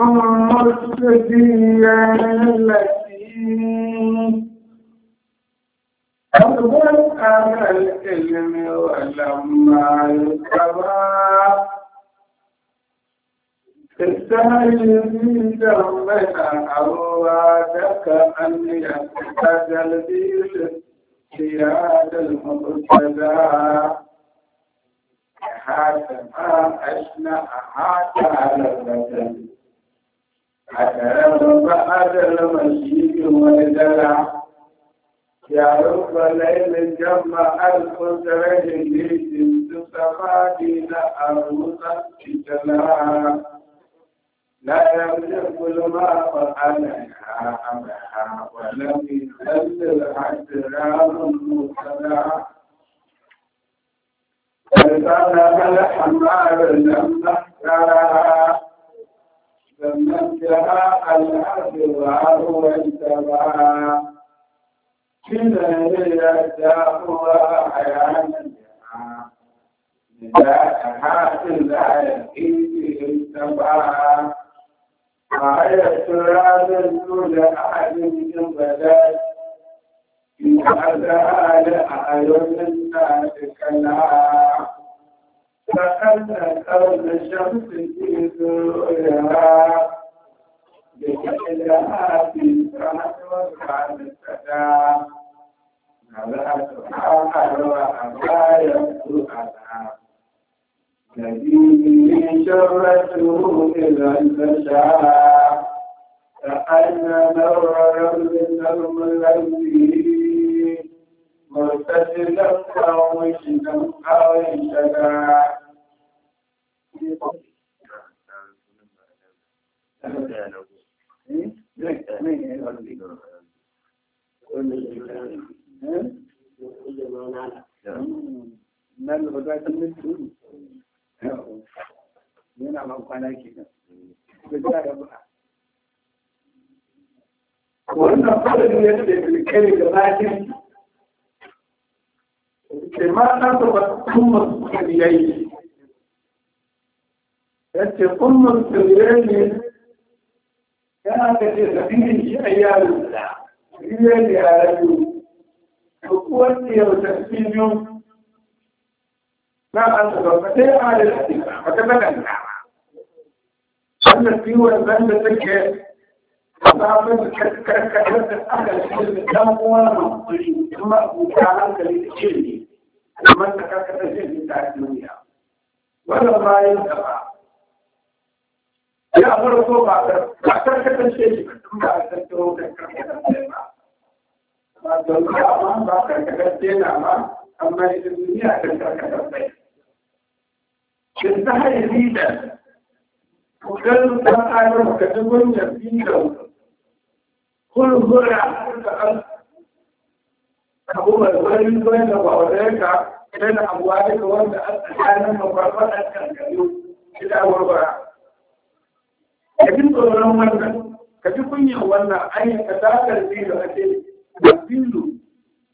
أم السبيل التي أضبط على العلم ولما يتبع استهل في دمها أوادك أن يتخذ البيل سياد المقتدى أحاط ما أشنع أحاط على البدن حتى رب بعد المشيك والدلع يا رب ليل جمع القدرة لجد سمادين في بجلع لا يملك الماء أنا أمها ولم يزل الحجران المطلع فسلك الحمار لما احترى دمجها الارض وهو انتبه كذا يداه وحيانا نداءها لا يقيه انتبه آية راد كل أحد من بدات إن هذا لأعين الناس وكأن الأرض الشمس في ذرها بجعلها في سنة وكان سدا نبعت حاحل وأبا يبدو أنا نبيه شرته إذا انتشى كأن نور رمز النوم الذي مرتجلا أو مشتا أو انشدا nan ba za ta wannan ne da kai da ke ma ba kuma yayi yace kullum tsirrani ya ka ce sabihin shi a yaro da tsirrani a rayu to kuwan ne yau tasbihin na an saba ba sai a da lafiya ba ta badan na wannan ciwon zan da take sabon karkarar da aka ce da dan uwa ma kuma abuta hankali da shirye kuma ta karkatar shirye ta duniya wannan bayan gaba ya bar ko ba ta ba ta kasance shi ba ta to da kasance ba ba don ka ma ba ka kasance na ma amma idan duniya ta kasance kin ta hayi da ko dan ta ayyuka ka dubun ya dinga kullu gura ka an abubuwan wani zuwa da ba wadai ka idan abuwa da wanda a tsakanin mafarfar da kankanin ila warbara ka ji tsoron wannan ka ji kunya wannan an yi ka dakar zilo a ce da zilo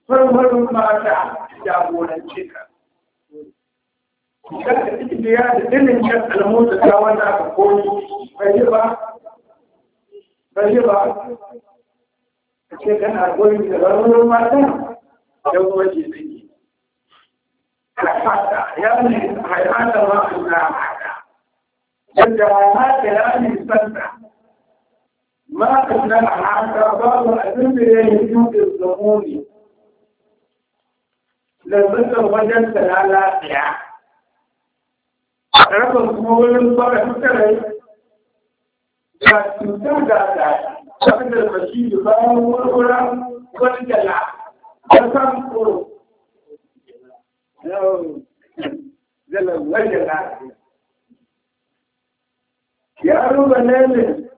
farfarin mata jagorance ka idan ka ciki da yada dinin yan almota ta wanda aka koyi bai ba bai ba ka ce kana goyi da farfarin mata da waje zai yi ka fata ya ne haihata na. إلا هكذا نستمتع ما قلنا حتى بعض الأدلة يهدون الظنون لذلك وجد سلالة سعة رقم مول الصلاة كره لكن تهدأ فقد المشيد فهو والغرام والجلع فسام قرب جل وجل ya ruba lele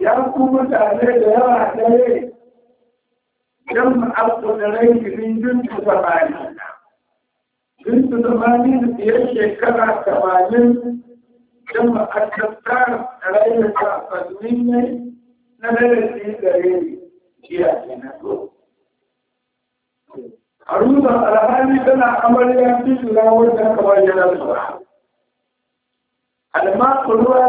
ya kuma tare da yawa dare don ma'abu da rai min jinsu samani jinsu samani da fiye shekara samanin don ma'adabtar rai da kafannin ne na lalasi da rai jiya ke na so a ruba alhali tana amarya cikin lawar da kamar yanar sauran Ada maaf keluar